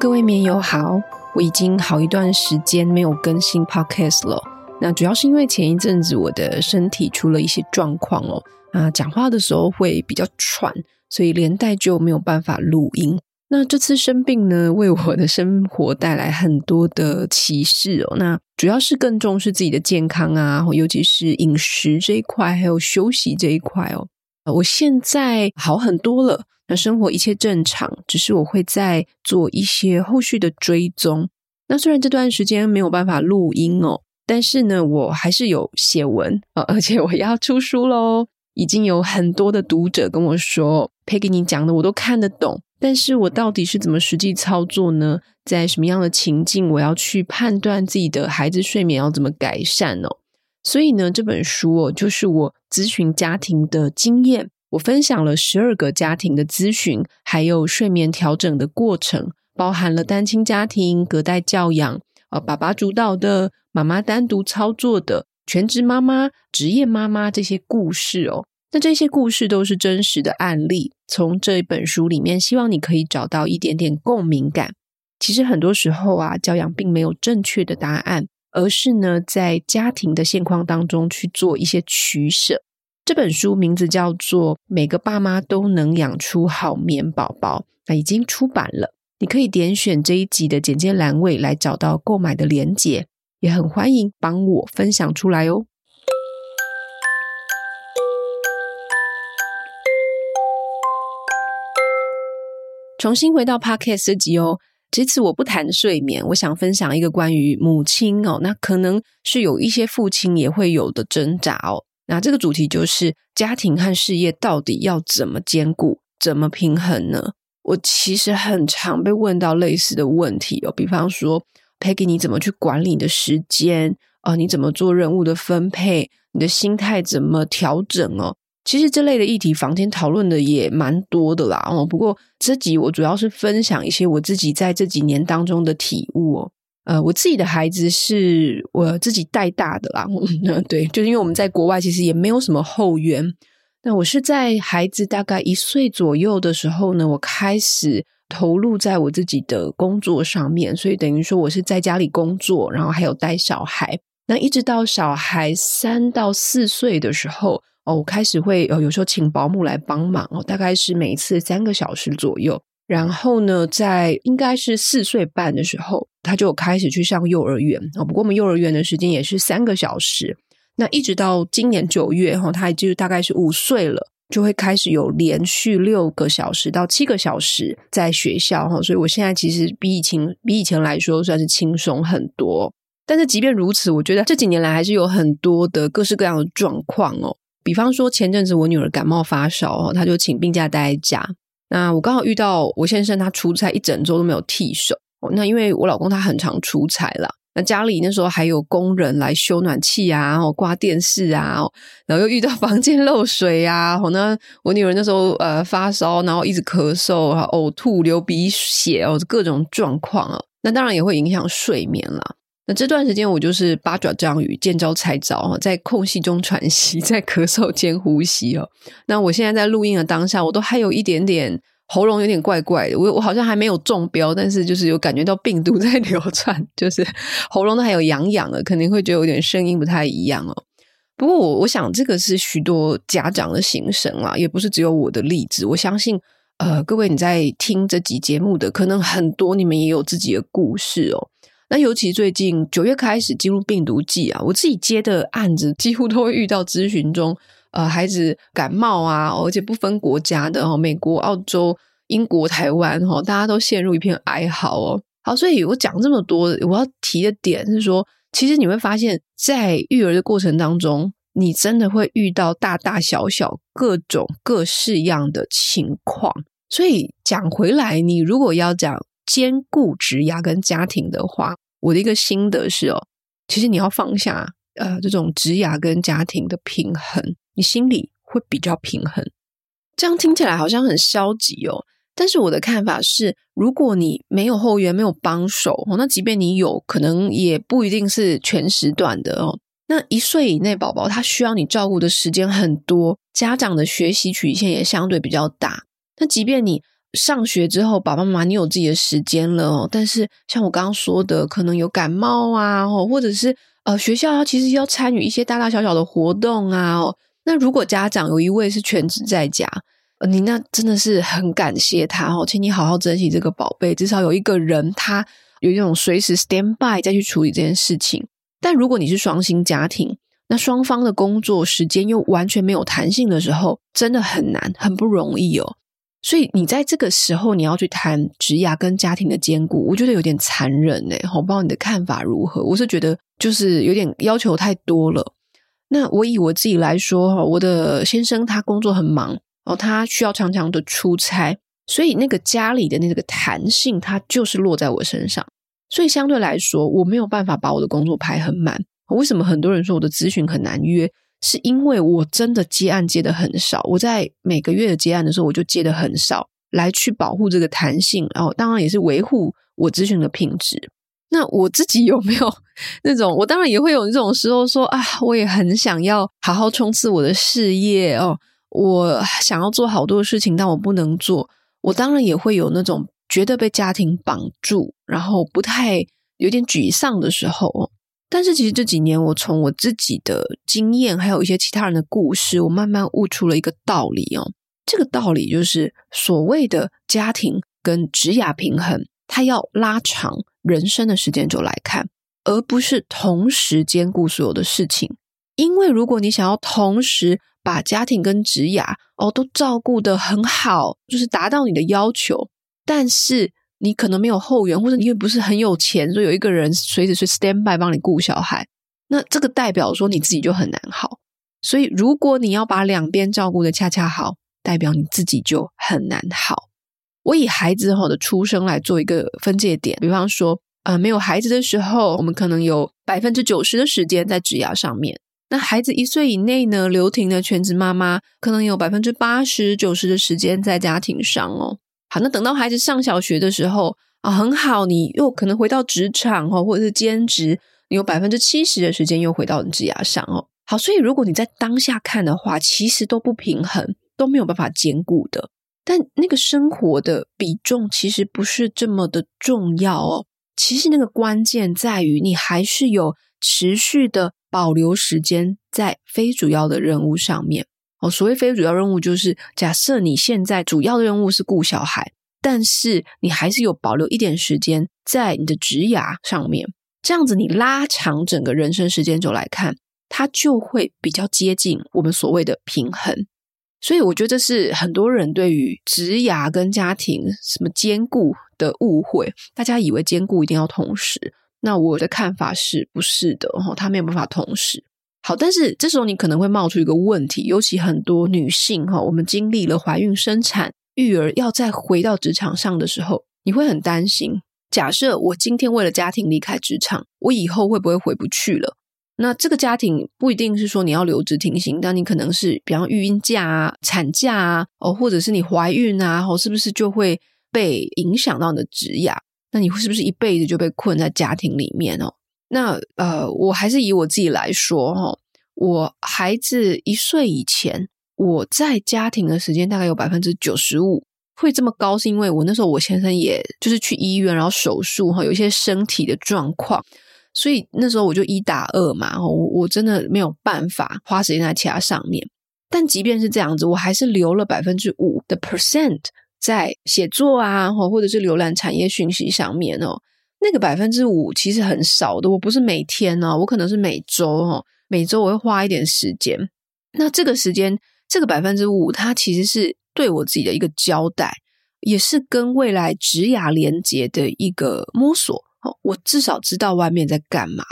各位眠友好，我已經好一段時間沒有更新 podcast 了。那主要是因為前一陣子我的身體出了一些狀況哦，啊，講話的時候會比較喘，所以連帶就沒有辦法錄音。那這次生病呢，為我的生活帶來很多的啟示哦。那主要是更重視自己的健康啊，尤其是飲食這一塊，還有休息這一塊哦。我現在好很多了，那生活一切正常，只是我會再做一些後續的追蹤。那雖然這段時間沒有辦法錄音哦，但是呢，我還是有寫文，啊，而且我要出書嘍。已經有很多的讀者跟我說，Peggy，你講的我都看得懂，但是我到底是怎麼實際操作呢？在什麼樣的情境，我要去判斷自己的孩子睡眠要怎麼改善呢、哦？所以呢，這本書哦，就是我諮詢家庭的經驗，我分享了十二個家庭的諮詢，還有睡眠調整的過程，包含了單親家庭、隔代教養、呃，爸爸主導的、媽媽單獨操作的、全職媽媽、職業媽媽這些故事哦。那這些故事都是真實的案例，從這本書裡面，希望你可以找到一點點共鳴感。其實很多時候啊，教養並沒有正確的答案。而是呢，在家庭的現況當中去做一些取捨。這本書名字叫做《每個爸媽都能養出好眠寶寶》，那已經出版了。你可以點選這一集的簡介欄位來找到購買的連結，也很歡迎幫我分享出來哦。重新回到 Podcast 這集哦。這次我不談睡眠，我想分享一個關於母親哦，那可能是有一些父親也會有的掙扎哦。那這個主題就是家庭和事業到底要怎麼兼顧，怎麼平衡呢？我其實很常被問到類似的問題哦，比方說，Peggy，你怎麼去管理你的時間？啊、呃，你怎麼做任務的分配？你的心態怎麼調整？哦？其實這類的議題，坊間討論的也蠻多的啦。哦，不過這集我主要是分享一些我自己在這幾年當中的體悟，哦。呃，我自己的孩子是我自己帶大的啦。嗯，對，就是因為我們在國外，其實也沒有什麼後援。那我是在孩子大概一歲左右的時候呢，我開始投入在我自己的工作上面，所以等於說我是在家裡工作，然後還有帶小孩。那一直到小孩三到四歲的時候。哦，我開始會，哦，有時候請保姆來幫忙哦，大概是每次三個小時左右。然後呢，在應該是四歲半的時候，他就開始去上幼兒園，哦，不過我們幼兒園的時間也是三個小時。那一直到今年九月哈、哦，他就大概是五歲了，就會開始有連續六個小時到七個小時在學校哈，哦。所以我現在其實比以前比以前來說算是輕鬆很多。但是即便如此，我覺得這幾年來還是有很多的各式各樣的狀況哦。比方說，前陣子我女兒感冒發燒，她就請病假待在家。那我剛好遇到我先生他出差一整週都沒有替手。那因為我老公他很常出差啦。那家裡那時候還有工人來修暖氣啊，然後掛電視啊，然後又遇到房間漏水啊。我呢，我女兒那時候呃發燒，然後一直咳嗽嘔吐、哦、流鼻血哦，各種狀況啊。那當然也會影響睡眠啦。那這段時間我就是八爪章魚，見招拆招，在空隙中喘息，在咳嗽間呼吸。那我現在在錄音的當下，我都還有一點點喉嚨有點怪怪的，我我好像還沒有中標，但是就是有感覺到病毒在流傳，就是喉嚨都還有癢癢的，肯定會覺得有點聲音不太一樣哦。不過我我想這個是許多家長的心聲啦，也不是只有我的例子。我相信呃，各位你在聽這集節目的，可能很多你們也有自己的故事哦。那尤其最近九月開始進入病毒季啊，我自己接的案子幾乎都會遇到諮詢中，呃，孩子感冒啊，而且不分國家的哦，美國、澳洲、英國、台灣哈，大家都陷入一片哀嚎哦。好，所以我講這麼多，我要提的點是說，其實你會發現在育兒的過程當中，你真的會遇到大大小小各種各式樣的情況。所以講回來，你如果要講。兼顧職涯跟家庭的話，我的一個心得是哦，其實你要放下呃這種職涯跟家庭的平衡，你心裡會比較平衡。這樣聽起來好像很消極哦，但是我的看法是，如果你沒有後援、沒有幫手哦，那即便你有可能也不一定是全時段的哦。那一歲以內寶寶他需要你照顧的時間很多，家長的學習曲線也相對比較大。那即便你。上學之後，爸爸媽媽你有自己的時間了哦。但是像我剛剛說的，可能有感冒啊，或者是呃學校其實要參與一些大大小小的活動啊哦。那如果家長有一位是全職在家，呃，你那真的是很感謝他哦，請你好好珍惜這個寶貝，至少有一個人他有一種隨時 stand by 再去處理這件事情。但如果你是雙薪家庭，那雙方的工作時間又完全沒有彈性的時候，真的很難，很不容易哦。所以你在這個時候，你要去談職涯跟家庭的兼顧，我覺得有點殘忍哎，我不知道你的看法如何。我是覺得就是有點要求太多了。那我以我自己來說哈，我的先生他工作很忙哦，他需要常常的出差，所以那個家裡的那個彈性，他就是落在我身上。所以相對來說，我沒有辦法把我的工作排很滿。為什麼很多人說我的諮詢很難約？是因為我真的接案接的很少，我在每個月的接案的時候，我就接的很少，來去保護這個彈性，哦，然後當然也是維護我諮詢的品質。那我自己有沒有那種？我當然也會有這種時候，說啊，我也很想要好好衝刺我的事業哦，我想要做好多事情，但我不能做。我當然也會有那種覺得被家庭綁住，然後不太有點沮喪的時候，哦。但是其實這幾年，我從我自己的經驗，還有一些其他人的故事，我慢慢悟出了一個道理哦。這個道理就是，所謂的家庭跟職涯平衡，它要拉長人生的時間軸來看，而不是同時兼顧所有的事情。因為如果你想要同時把家庭跟職涯哦，都照顧得很好，就是達到你的要求，但是。你可能沒有後援，或者你又不是很有錢，所以有一個人隨時是 stand by 幫你顧小孩。那這個代表說你自己就很難好。所以如果你要把兩邊照顧得恰恰好，代表你自己就很難好。我以孩子後的出生來做一個分界點，比方說，呃，沒有孩子的時候，我們可能有百分之九十的時間在職涯上面。那孩子一歲以內呢，留停的全職媽媽可能有百分之八十九十的時間在家庭上哦。好，那等到孩子上小學的時候啊，很好，你又可能回到職場哦，或者是兼職，你有百分之七十的時間又回到你自己身上哦。好，所以如果你在當下看的話，其實都不平衡，都沒有辦法兼顧的。但那個生活的比重其實不是這麼的重要哦。其實那個關鍵在於，你還是有持續的保留時間在非主要的任務上面。哦，所謂非主要任務就是，假設你現在主要的任務是顧小孩，但是你還是有保留一點時間在你的職涯上面，這樣子你拉長整個人生時間軸來看，它就會比較接近我們所謂的平衡。所以我覺得這是很多人對於職涯跟家庭什麼兼顧的誤會，大家以為兼顧一定要同時。那我的看法是不是的？哦，他沒有辦法同時。好，但是這時候你可能會冒出一個問題，尤其很多女性哈、哦，我們經歷了懷孕、生產、育兒，要再回到職場上的時候，你會很擔心。假設我今天為了家庭離開職場，我以後會不會回不去了？那這個家庭不一定是說你要留職停薪，但你可能是比方育嬰假、啊、產假、啊、哦，或者是你懷孕啊，哦，是不是就會被影響到你的職業？那你是不是一輩子就被困在家庭裡面哦？那呃，我還是以我自己來說哈、哦。我孩子一歲以前，我在家庭的時間大概有百分之九十五，會這麼高，是因為我那時候我先生也就是去醫院然後手術哈，有一些身體的狀況，所以那時候我就一打二嘛，我我真的沒有辦法花時間在其他上面。但即便是這樣子，我還是留了百分之五的 percent 在寫作啊，或者是瀏覽產業訊息上面哦。那個百分之五其實很少的，我不是每天哦，我可能是每周哦。每週我會花一點時間，那這個時間，這個百分之五，它其實是對我自己的一個交代，也是跟未來職涯連接的一個摸索。哦，我至少知道外面在幹嘛。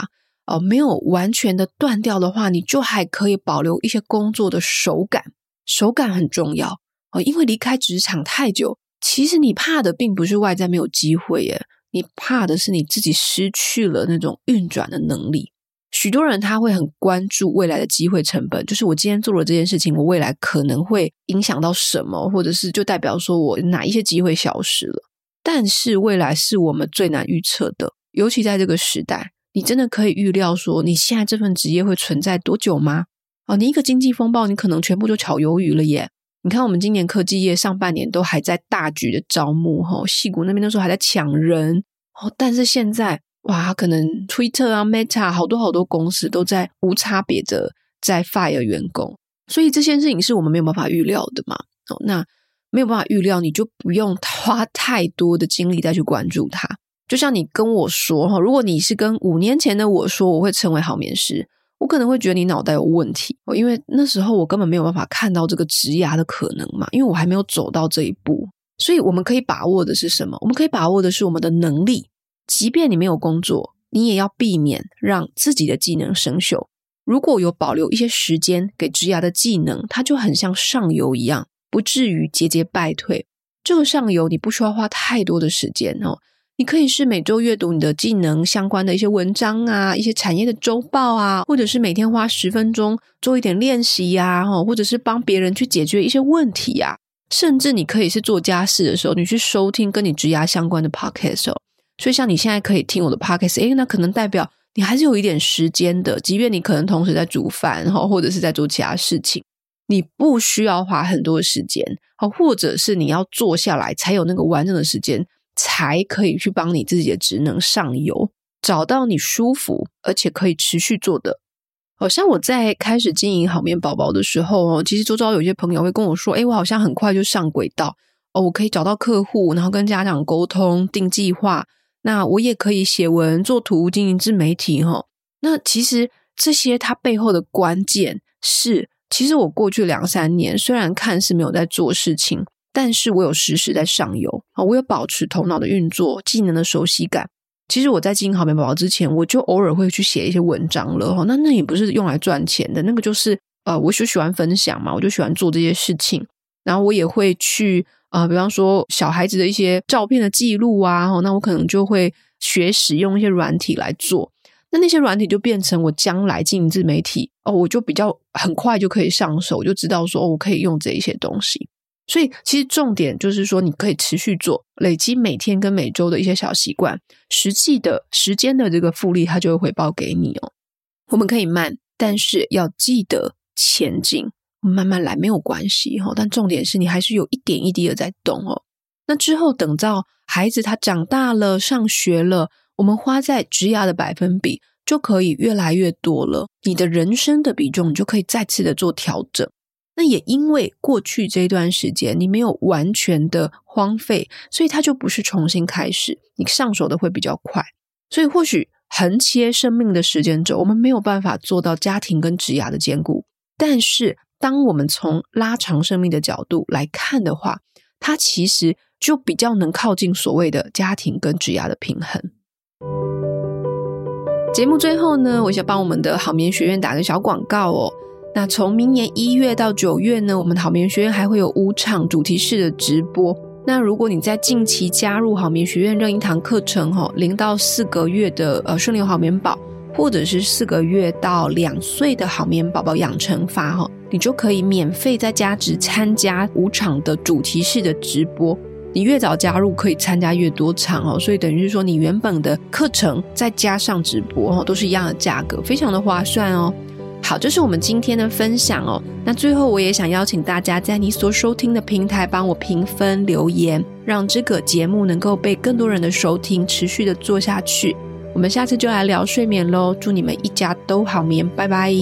哦，沒有完全的斷掉的話，你就還可以保留一些工作的手感。手感很重要哦，因為離開職場太久，其實你怕的並不是外在沒有機會耶，你怕的是你自己失去了那種運轉的能力。許多人他會很關注未來的機會成本，就是我今天做了這件事情，我未來可能會影響到什麼，或者是就代表說我哪一些機會消失了。但是未來是我們最難預測的，尤其在這個時代，你真的可以預料說你現在這份職業會存在多久嗎？哦，你一個經濟風暴，你可能全部就炒魷魚了耶！你看我們今年科技業上半年都還在大舉的招募哈，矽谷那邊那時候還在搶人哦，但是現在。哇，可能 Twitter 啊，Meta 好多好多公司都在無差別的在 fire 員工，所以這些事情是我們沒有辦法預料的嘛。哦，那沒有辦法預料，你就不用花太多的精力再去關注它。就像你跟我說哈，如果你是跟五年前的我說我會成為好眠師，我可能會覺得你腦袋有問題。哦，因為那時候我根本沒有辦法看到這個職涯的可能嘛，因為我還沒有走到這一步。所以我們可以把握的是什麼？我們可以把握的是我們的能力。即便你沒有工作，你也要避免讓自己的技能生銹。如果有保留一些時間給職涯的技能，它就很像上游一樣，不至於節節敗退。這個上游你不需要花太多的時間哦。你可以是每周閱讀你的技能相關的一些文章啊，一些產業的周報啊，或者是每天花十分鐘做一點練習呀、啊，或者是幫別人去解決一些問題啊。甚至你可以是做家事的時候，你去收聽跟你職涯相關的 Podcast，哦所以，像你現在可以聽我的 podcast，哎，那可能代表你還是有一點時間的，即便你可能同時在煮飯，然後或者是在做其他事情。你不需要花很多的時間，或者是你要坐下來才有那個完整的時間，才可以去幫你自己的職能上游，找到你舒服而且可以持續做的。好像我在開始經營好眠寶寶的時候，其實周遭有些朋友會跟我說，哎，我好像很快就上軌道哦，我可以找到客戶，然後跟家長溝通，定計劃。那我也可以寫文、做圖、經營自媒體哈、哦。那其實這些它背後的關鍵是，其實我過去兩三年雖然看似沒有在做事情，但是我有實時，時在上游啊、哦，我有保持頭腦的運作、技能的熟悉感。其實我在經營好眠寶寶之前，我就偶爾會去寫一些文章了哈、哦。那那也不是用來賺錢的，那個就是呃，我就喜歡分享嘛，我就喜歡做這些事情，然後我也會去。啊、呃，比方說小孩子的一些照片的記錄啊，哦，那我可能就會學使用一些軟體來做，那那些軟體就變成我將來進自媒體哦，我就比較很快就可以上手，就知道說、哦、我可以用這一些東西。所以其實重點就是說，你可以持續做，累積每天跟每週的一些小習慣，實際的時間的這個複利，它就會回報給你哦。我們可以慢，但是要記得前進。慢慢來沒有關係哈，但重點是你還是有一點一滴的在動哦。那之後等到孩子他長大了、上學了，我們花在職涯的百分比就可以越來越多了。你的人生的比重，你就可以再次的做調整。那也因為過去這段時間你沒有完全的荒廢，所以它就不是重新開始，你上手的會比較快。所以或許橫切生命的時間軸，我們沒有辦法做到家庭跟職涯的兼顧，但是。當我們從拉長生命的角度來看的話，它其實就比較能靠近所謂的家庭跟職涯的平衡。節目最後呢，我想幫我們的好眠學院打個小廣告哦。那從明年一月到九月呢，我們好眠學院還會有五場主題式的直播。那如果你在近期加入好眠學院任一堂課程哦，零到四個月的呃順利好眠寶，或者是四個月到兩歲的好眠寶寶養成法哦，你就可以免費在家只參加五場的主題式的直播。你越早加入，可以參加越多場哦。所以等於是說，你原本的課程再加上直播都是一樣的價格，非常的划算哦。好，這是我們今天的分享哦。那最後，我也想邀請大家在你所收聽的平台幫我評分留言，讓這個節目能夠被更多人的收聽，持續的做下去。我們下次就來聊睡眠嘍，祝你們一家都好眠，拜拜。